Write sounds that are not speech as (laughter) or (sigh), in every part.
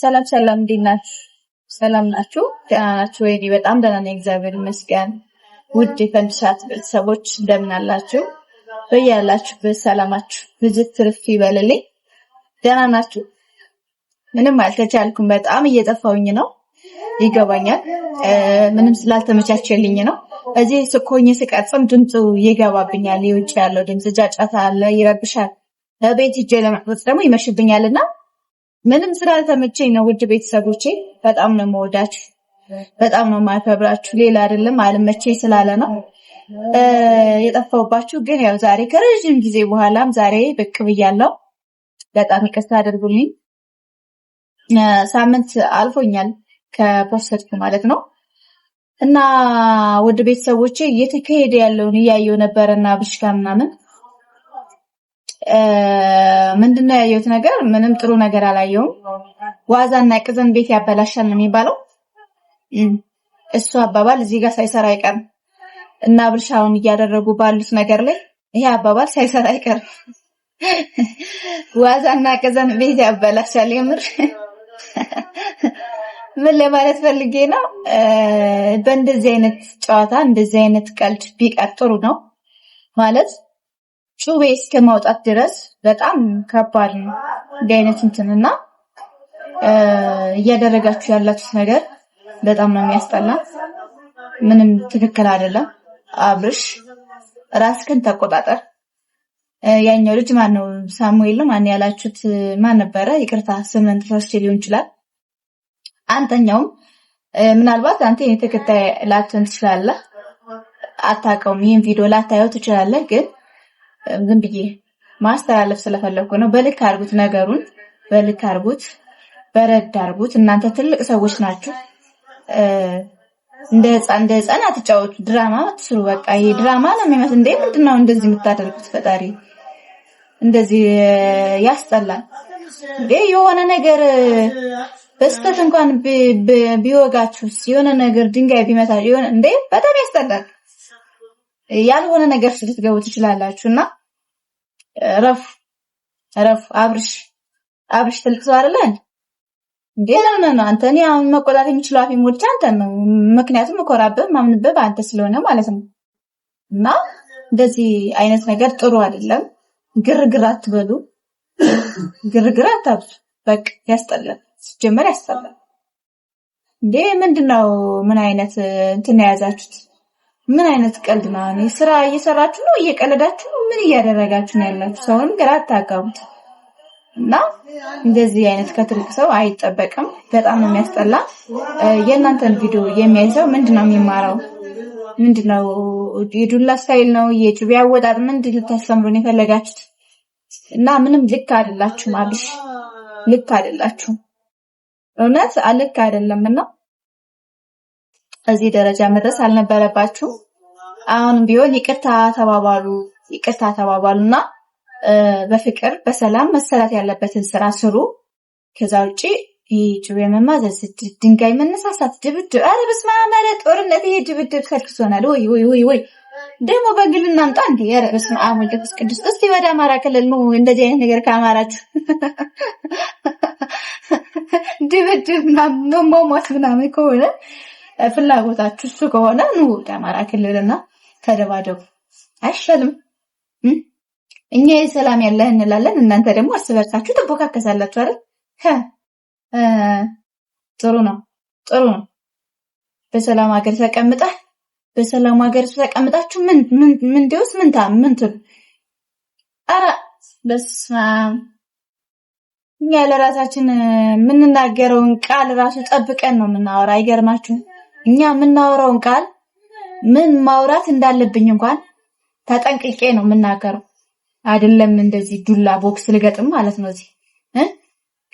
ሰላም ሰላም፣ እንዴት ናችሁ? ሰላም ናችሁ? ደህና ናችሁ ወይ? በጣም ደህና ነኝ፣ እግዚአብሔር ይመስገን። ውድ የፈንድሻት ቤተሰቦች እንደምን አላችሁ? በያላችሁበት ሰላማችሁ ብዝት ትርፍ ይበልልኝ። ደህና ናችሁ? ምንም አልተቻልኩም። በጣም እየጠፋውኝ ነው፣ ይገባኛል። ምንም ስላልተመቻቸልኝ ነው። እዚህ ስኮኝ ስቀጽም ድምፁ ይገባብኛል። የውጭ ያለው ድምፅ ጫጫታ አለ፣ ይረብሻል። ቤት ሄጄ ለመቅረጽ ደግሞ ይመሽብኛልና ምንም ስላልተመቸኝ ነው። ውድ ቤተሰቦቼ በጣም ነው መወዳችሁ፣ በጣም ነው ማከብራችሁ። ሌላ አይደለም አልመቼ ስላለ ነው የጠፋውባችሁ ግን ያው ዛሬ ከረዥም ጊዜ በኋላም ዛሬ ብቅ ብያለሁ። በጣም ይቅርታ አድርጉልኝ። ሳምንት አልፎኛል ከፖስተድኩ ማለት ነው። እና ውድ ቤተሰቦቼ እየተካሄደ ያለውን እያየው ነበረና ብሽካ ምናምን ምንድነው ያየሁት ነገር? ምንም ጥሩ ነገር አላየውም። ዋዛና ቅዘን ቤት ያበላሻል ነው የሚባለው እሱ አባባል እዚህ ጋር ሳይሰራ አይቀርም እና ብልሻውን እያደረጉ ባሉት ነገር ላይ ይሄ አባባል ሳይሰራ አይቀርም። ዋዛና ቅዘን ቤት ያበላሻል። የምር ምን ለማለት ፈልጌ ነው? በእንደዚህ አይነት ጨዋታ እንደዚህ አይነት ቀልድ ቢቀር ጥሩ ነው ማለት ጩቤ እስከ ማውጣት ድረስ በጣም ከባድ ነው። እንዲህ አይነት እንትንና እያደረጋችሁ ያላችሁት ነገር በጣም ነው የሚያስጠላ። ምንም ትክክል አይደለም። አብርሽ ራስክን ተቆጣጠር። ያኛው ልጅ ማን ነው? ሳሙኤል ነው ማን ያላችሁት? ማን ነበረ? ይቅርታ ስምን ተሳስቼ ሊሆን ይችላል። አንተኛውም ምናልባት አንተ የኔ ተከታይ ላትን ትችላለህ፣ አታውቀውም። ይህን ቪዲዮ ላታየው ትችላለህ ግን ዝም ብዬ ማስተላለፍ ስለፈለኩ ነው። በልክ አድርጉት፣ ነገሩን በልክ አድርጉት፣ በረድ አድርጉት። እናንተ ትልቅ ሰዎች ናችሁ። እንደ ህፃን እንደ ህፃን አትጫወቱ፣ ድራማ ትስሩ በቃ ይሄ ድራማ ነው የሚመስል። እንዴ ምንድን ነው እንደዚህ የምታደርጉት? ፈጣሪ እንደዚህ ያስጠላል። ይህ የሆነ ነገር በስተት እንኳን ቢወጋችሁስ፣ የሆነ ነገር ድንጋይ ቢመታ የሆነ እንዴ በጣም ያስጠላል። ያልሆነ ነገር ልትገቡ ትችላላችሁ እና ረፍ ረፍ አብርሽ አብርሽ ትልቅ ሰው አይደለን እንዴ? ነው ነው አንተ እኔ አሁን መቆጣት የሚችለው አፌ ሞልቼ አንተ ነው። ምክንያቱም እኮራብህ ማምንብህ አንተ ስለሆነ ማለት ነው። እና እንደዚህ አይነት ነገር ጥሩ አይደለም። ግርግር አትበሉ፣ ግርግር አታብዙ። በቃ ያስጠላል፣ ሲጀመር ያስጠላል። እንዴ ምንድነው? ምን አይነት እንትን የያዛችሁት? ምን አይነት ቀልድ ነው? እኔ ስራ እየሰራችሁ ነው? እየቀለዳችሁ ነው? ምን እያደረጋችሁ ነው ያላችሁ? ሰውን ግራ አታጋቡት እና እንደዚህ አይነት ከትልቅ ሰው አይጠበቅም። በጣም ነው የሚያስጠላ። የእናንተን ቪዲዮ የሚያይ ሰው ምንድን ነው የሚማረው? ምንድን ነው የዱላ ስታይል ነው የጩቤ አወጣጥ? ምንድን ልታስተምሩን የፈለጋችሁት? እና ምንም ልክ አይደላችሁም። አብሽ ልክ አይደላችሁም። እውነት ልክ አይደለም እና እዚህ ደረጃ መድረስ አልነበረባችሁ። አሁንም ቢሆን ይቅርታ ተባባሉ፣ ይቅርታ ተባባሉና በፍቅር በሰላም መሰራት ያለበትን ስራ ስሩ። ከዛ ውጪ ይህ ጩቤ መማዘዝ፣ ድንጋይ መነሳሳት፣ ድብድብ፣ አረ በስመ አብ! ኧረ ጦርነት፣ ይሄ ድብድብ ከልክሶናል። ወይ ወይ ወይ ወይ ደግሞ በግል እናምጣ እንዴ! ኧረ በስመ አብ ወልድ መንፈስ ቅዱስ። እስቲ ወደ አማራ ክልል ነው እንደዚህ አይነት ነገር ከአማራት (laughs) ድብድብ ምናምን ነው ሞት ምናምን ከሆነ ፍላጎታችሁ እሱ ከሆነ ኑ ወደ አማራ ክልልና ተደባደቡ። አይሻልም? እኛ የሰላም ያለህ እንላለን፣ እናንተ ደግሞ እርስ በርሳችሁ ትቦካከሳላችሁ አይደል? ጥሩ ነው፣ ጥሩ ነው። በሰላም ሀገር ተቀምጠህ በሰላም ሀገር ተቀምጣችሁ ምን ምን ምን ዲውስ ምን ታ ምን ትል አረ በስመ እኛ ለራሳችን የምንናገረውን ቃል ራሱ ጠብቀን ነው የምናወራ። አይገርማችሁም? እኛ የምናወራውን ቃል ምን ማውራት እንዳለብኝ እንኳን ተጠንቅቄ ነው የምናገረው። አይደለም እንደዚህ ዱላ ቦክስ ልገጥም ማለት ነው። እዚህ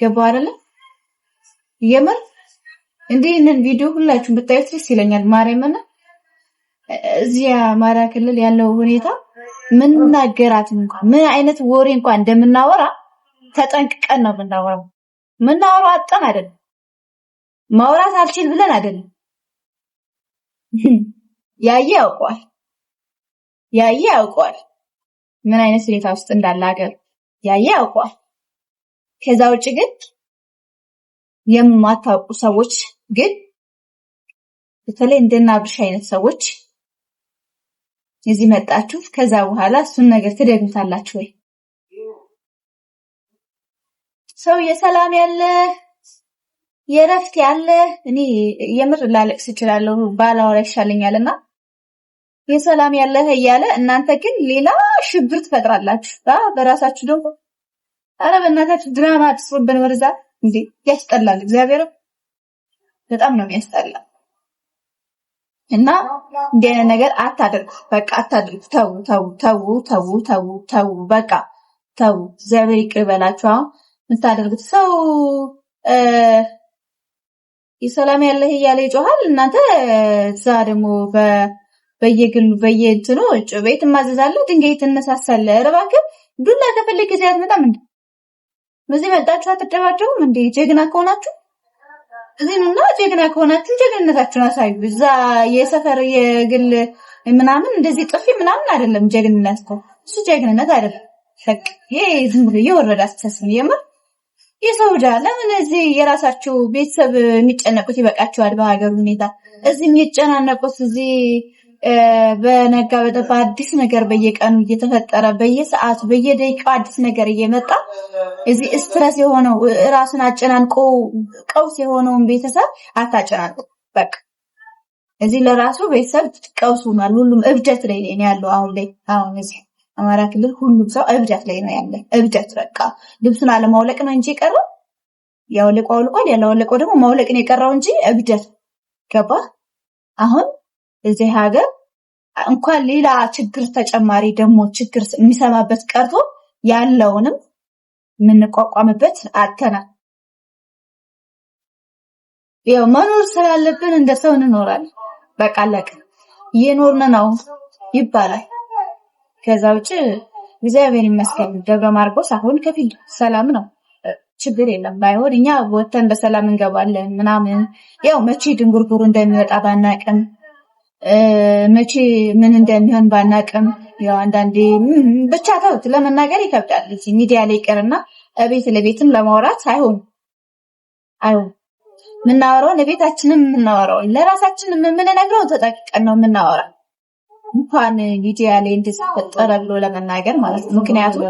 ገባ አይደለም የምር እንዲህ ይህንን ቪዲዮ ሁላችሁም ብታዩት ደስ ይለኛል። ማርያምና እዚህ አማራ ክልል ያለው ሁኔታ ምን እናገራት እንኳን ምን አይነት ወሬ እንኳን እንደምናወራ ተጠንቅቀን ነው የምናወራው። የምናወራው አጠን አይደለም ማውራት አልችል ብለን አይደለም (laughs) ያየ ያውቀዋል። ያየ ያውቀዋል ምን አይነት ሁኔታ ውስጥ እንዳለ ሀገር ያየ ያውቀዋል። ከዛ ውጭ ግን የማታውቁ ሰዎች ግን በተለይ እንደና አይነት ሰዎች እዚህ መጣችሁ፣ ከዛ በኋላ እሱን ነገር ትደግምታላችሁ ወይ? ሰውዬ ሰላም ያለ የረፍት ያለ እኔ የምር ላለቅስ እችላለሁ፣ ባላወራ ይሻለኛል እና የሰላም ያለ እያለ እናንተ ግን ሌላ ሽብር ትፈጥራላችሁ በራሳችሁ ደግሞ። ኧረ በእናታችሁ ድራማ አትስሩብን። ወርዛ እንዴ ያስጠላል። እግዚአብሔር በጣም ነው የሚያስጠላ እና እንዲህ ነገር አታድርጉ። በቃ አታድርጉ። ተው ተው ተው ተው ተው ተው በቃ ተው። እግዚአብሔር ይቅር በላችሁ። አሁን የምታደርጉት ሰው ሰላም ያለህ እያለ ይጮሃል። እናንተ እዛ ደግሞ በየግሉ በየእንትኑ ጩቤ ትማዘዛለህ፣ ድንጋይ ትነሳሳለህ። ኧረ እባክህ ዱላ ከፈለግ ጊዜ አትመጣም እንዴ? በዚህ መጣችሁ አትደባደቡም እንዴ? ጀግና ከሆናችሁ እዚህ ኑና ጀግና ከሆናችሁ ጀግንነታችሁን አሳዩ። እዛ የሰፈር የግል ምናምን እንደዚህ ጥፊ ምናምን አይደለም ጀግንነት እኮ እሱ ጀግንነት አይደለም። ይሄ ዝም ብሎ የወረደ አስተሳሰብ የምር የሰውዳ ለምን እዚህ የራሳቸው ቤተሰብ የሚጨነቁት ይበቃቸዋል። በሀገር ሁኔታ እዚህ የሚጨናነቁት እዚህ በነጋ በጠባ አዲስ ነገር በየቀኑ እየተፈጠረ በየሰዓቱ በየደቂቃው አዲስ ነገር እየመጣ እዚህ ስትረስ የሆነው ራሱን አጨናንቆ ቀውስ የሆነውን ቤተሰብ አታጨናንቁ። በቃ እዚህ ለራሱ ቤተሰብ ቀውስ ሆኗል። ሁሉም እብደት ላይ ያለው አሁን ላይ አሁን እዚህ አማራ ክልል ሁሉም ሰው እብደት ላይ ነው ያለ። እብደት በቃ ልብሱን አለማውለቅ ነው እንጂ የቀረው ያውልቆ አውልቋል፣ ያላውለቀው ደግሞ ማውለቅ ነው የቀረው እንጂ እብደት ገባ። አሁን እዚህ ሀገር እንኳን ሌላ ችግር ተጨማሪ ደግሞ ችግር የሚሰማበት ቀርቶ ያለውንም የምንቋቋምበት አተናል። ያው መኖር ስላለብን እንደ ሰው እንኖራለን። በቃ አለቀ። እየኖርን ነው ይባላል። ከዛ ውጭ እግዚአብሔር ይመስገን ደብረ ማርቆስ አሁን ከፊል ሰላም ነው። ችግር የለም። ባይሆን እኛ ወተን በሰላም እንገባለን ምናምን። ያው መቼ ድንጉርጉሩ እንደሚወጣ ባናቅም፣ መቼ ምን እንደሚሆን ባናቅም፣ ያው አንዳንዴ ብቻ ተውት ለመናገር ይከብዳል። ሚዲያ ላይ ይቅርና እቤት ለቤትም ለማውራት አይሆን አይሆን የምናወራውን ለቤታችንም የምናወራው ለራሳችን የምንነግረው ተጠቅቀን ነው የምናወራው። እንኳን ሚዲያ ላይ እንደዚህ ተፈጠረ ብሎ ለመናገር ማለት ነው። ምክንያቱም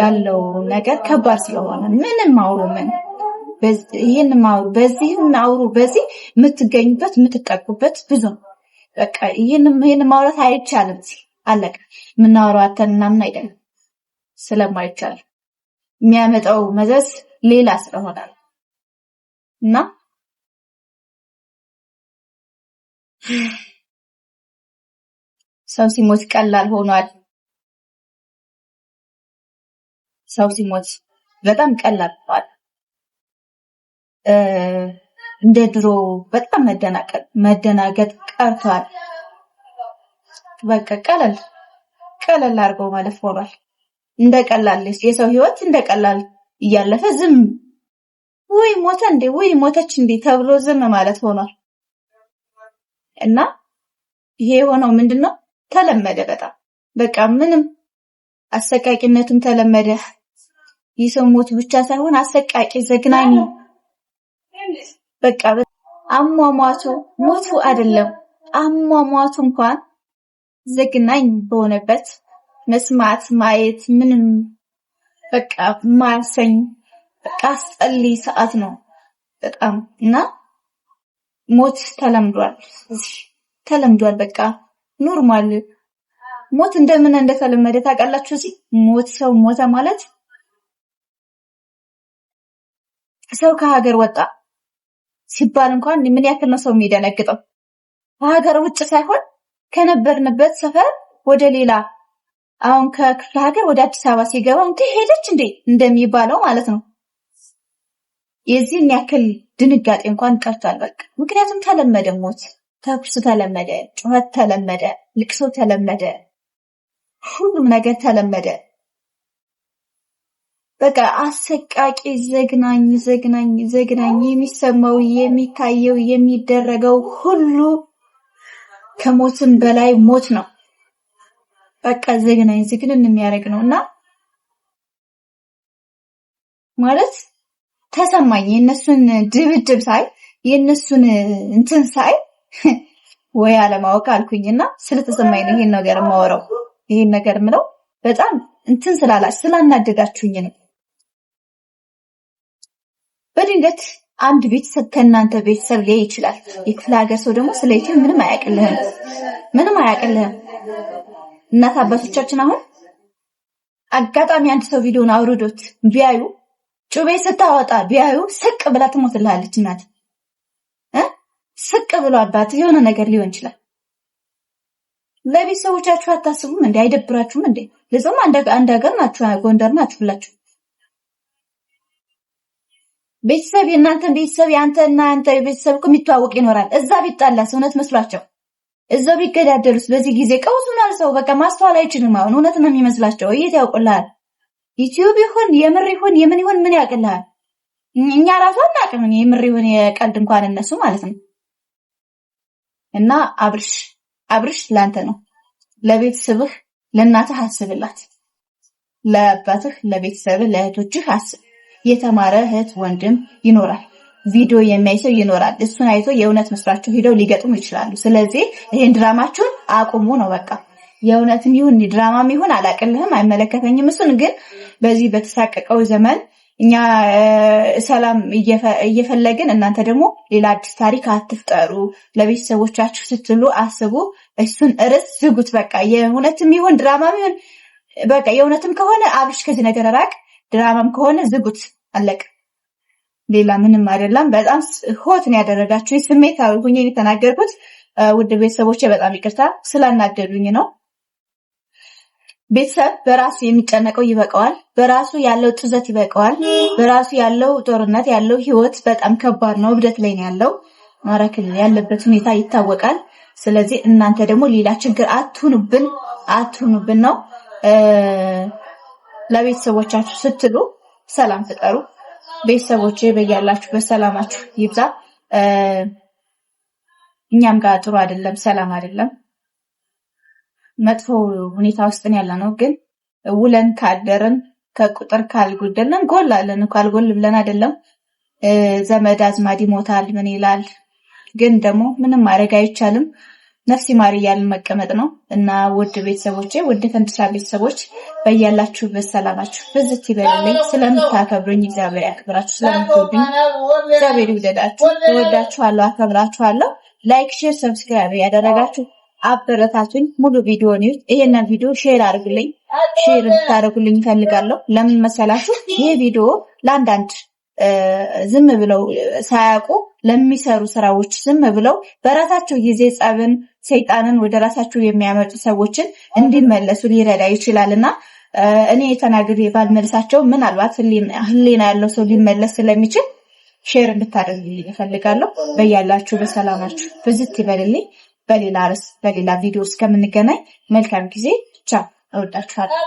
ያለው ነገር ከባድ ስለሆነ ምንም አውሩ ምን ይህን አውሩ በዚህን አውሩ በዚህ የምትገኙበት የምትቀቁበት ብዙ ነው። በቃ ይህን ማውራት አይቻልም። አለቀ። የምናወራው አተን ምናምን አይደለም ስለማይቻል የሚያመጣው መዘዝ ሌላ ስለሆነ እና ሰው ሲሞት ቀላል ሆኗል። ሰው ሲሞት በጣም ቀላል ሆኗል። እንደ ድሮ በጣም መደናቀጥ መደናገጥ ቀርቷል። በቃ ቀለል ቀለል አድርገው ማለፍ ሆኗል። እንደ ቀላል የሰው ህይወት እንደ ቀላል እያለፈ ዝም ወይ ሞተ እንዴ ወይ ሞተች እንዴ ተብሎ ዝም ማለት ሆኗል እና ይሄ የሆነው ምንድነው ተለመደ በጣም በቃ ምንም አሰቃቂነቱን ተለመደ። የሰው ሞት ብቻ ሳይሆን አሰቃቂ ዘግናኝ በቃ አሟሟቱ ሞቱ አይደለም አሟሟቱ እንኳን ዘግናኝ በሆነበት መስማት ማየት ምንም በቃ ማሰኝ በቃ አስጠሊ ሰዓት ነው በጣም እና ሞት ተለምዷል ተለምዷል በቃ ኖርማል ሞት እንደምን እንደተለመደ ታውቃላችሁ። እዚህ ሞት ሰው ሞተ ማለት ሰው ከሀገር ወጣ ሲባል እንኳን ምን ያክል ነው ሰው የሚደነግጠው? ከሀገር ውጭ ሳይሆን ከነበርንበት ሰፈር ወደ ሌላ አሁን ከክፍለ ሀገር ወደ አዲስ አበባ ሲገባ እንዴ ሄደች እንዴ እንደሚባለው ማለት ነው። የዚህን ያክል ድንጋጤ እንኳን ቀርቷል። በቃ ምክንያቱም ተለመደ ሞት ተኩስ ተለመደ፣ ጩኸት ተለመደ፣ ልቅሶ ተለመደ፣ ሁሉም ነገር ተለመደ። በቃ አሰቃቂ ዘግናኝ ዘግናኝ ዘግናኝ የሚሰማው የሚታየው የሚደረገው ሁሉ ከሞትም በላይ ሞት ነው። በቃ ዘግናኝ ዝግንን የሚያደርግ ነው እና ማለት ተሰማኝ የእነሱን ድብድብ ሳይ የእነሱን እንትን ሳይ ወይ አለማወቅ አልኩኝና ስለተሰማኝ ነው ይሄን ነገር የማወራው። ይሄን ነገር ምለው በጣም እንትን ስላላ ስላናደዳችሁኝ ነው። በድንገት አንድ ቤተሰብ ከእናንተ ቤተሰብ ሊያይ ይችላል። የክፍለ ሀገር ሰው ደግሞ ስለ ኢትዮ ምንም አያውቅልህም፣ ምንም አያውቅልህም። እናት አባቶቻችን አሁን አጋጣሚ አንድ ሰው ቪዲዮን አውርዶት ቢያዩ ጩቤ ስታወጣ ቢያዩ ስቅ ብላ ትሞትልሃለች እናት። ስቅ ብሎ አባት የሆነ ነገር ሊሆን ይችላል። ለቤተሰቦቻችሁ አታስቡም እንዴ? አይደብራችሁም እንዴ? ልጽም አንድ ሀገር ናችሁ፣ ጎንደር ናችሁ ብላችሁ ቤተሰብ የእናንተን ቤተሰብ የአንተ እና አንተ ቤተሰብ እኮ የሚተዋወቅ ይኖራል። እዛ ቢጣላስ እውነት መስሏቸው እዛው ቢገዳደሉስ? በዚህ ጊዜ ቀውስ ምናል ሰው በቃ ማስተዋል አይችልም። አሁን እውነት ነው የሚመስላቸው። እየት ያውቁልሃል? ዩቲዩብ ይሁን የምር ይሁን የምን ይሁን ምን ያውቅልሃል? እኛ ራሱ አናውቅም። የምር ይሁን የቀልድ እንኳን እነሱ ማለት ነው። እና አብርሽ አብርሽ ላንተ ነው። ለቤተሰብህ ለእናትህ አስብላት፣ ለአባትህ፣ ለቤተሰብህ፣ ለእህቶችህ አስብ። የተማረ እህት ወንድም ይኖራል፣ ቪዲዮ የሚያይ ሰው ይኖራል። እሱን አይቶ የእውነት መስሏቸው ሄደው ሊገጥሙ ይችላሉ። ስለዚህ ይህን ድራማችሁን አቁሙ ነው በቃ። የእውነትም ይሁን ድራማም ይሁን አላቅልህም፣ አይመለከተኝም። እሱን ግን በዚህ በተሳቀቀው ዘመን እኛ ሰላም እየፈለግን እናንተ ደግሞ ሌላ አዲስ ታሪክ አትፍጠሩ። ለቤተሰቦቻችሁ ስትሉ አስቡ። እሱን ርዕስ ዝጉት። በቃ የእውነትም ይሁን ድራማም ይሁን በቃ የእውነትም ከሆነ አብሽ ከዚህ ነገር ራቅ፣ ድራማም ከሆነ ዝጉት። አለቅ። ሌላ ምንም አይደለም። በጣም ሆት ነው ያደረጋችሁኝ። ስሜት ሁኜ የተናገርኩት ውድ ቤተሰቦቼ በጣም ይቅርታ ስላናደዱኝ ነው። ቤተሰብ በራሱ የሚጨነቀው ይበቃዋል። በራሱ ያለው ጥዘት ይበቃዋል። በራሱ ያለው ጦርነት ያለው ህይወት በጣም ከባድ ነው። እብደት ላይ ነው ያለው። አማራ ክልል ያለበት ሁኔታ ይታወቃል። ስለዚህ እናንተ ደግሞ ሌላ ችግር አትሁኑብን፣ አትሁኑብን ነው። ለቤተሰቦቻችሁ ስትሉ ሰላም ፍጠሩ። ቤተሰቦቼ በያላችሁበት በሰላማችሁ ይብዛ። እኛም ጋር ጥሩ አይደለም፣ ሰላም አይደለም። መጥፎ ሁኔታ ውስጥ ያለ ነው። ግን ውለን ካደርን ከቁጥር ካልጎደልን ጎላለን እኮ አልጎል ብለን አይደለም። ዘመድ አዝማድ ይሞታል፣ ምን ይላል። ግን ደግሞ ምንም ማድረግ አይቻልም። ነፍሲ ማር እያልን መቀመጥ ነው እና ውድ ቤተሰቦቼ፣ ውድ ፈንድሻ ቤተሰቦች በያላችሁበት ሰላማችሁ ብዝት ይበልልኝ። ስለምታከብሩኝ እግዚአብሔር ያክብራችሁ። ስለምትወዱኝ እግዚአብሔር ይውደዳችሁ። እወዳችኋለሁ፣ አከብራችኋለሁ። ላይክ፣ ሼር፣ ሰብስክራይብ ያደረጋችሁ አበረታቱኝ። ሙሉ ቪዲዮ ነው። ይሄንን ቪዲዮ ሼር አድርግልኝ፣ ሼር እንድታደርጉልኝ ፈልጋለሁ። ለምን መሰላችሁ? ይሄ ቪዲዮ ለአንዳንድ ዝም ብለው ሳያውቁ ለሚሰሩ ስራዎች ዝም ብለው በራሳቸው ጊዜ ጸብን፣ ሰይጣንን ወደ ራሳቸው የሚያመጡ ሰዎችን እንዲመለሱ ሊረዳ ይችላልና እኔ ተናግሬ ባልመልሳቸው ምናልባት ህሊና ያለው ሰው ሊመለስ ስለሚችል ሼር እንድታደርግልኝ እፈልጋለሁ። በያላችሁ በሰላማችሁ ብዝት ይበልልኝ። በሌላ ርዕስ በሌላ ቪዲዮ እስከምንገናኝ መልካም ጊዜ። ቻው። እወዳችኋለሁ።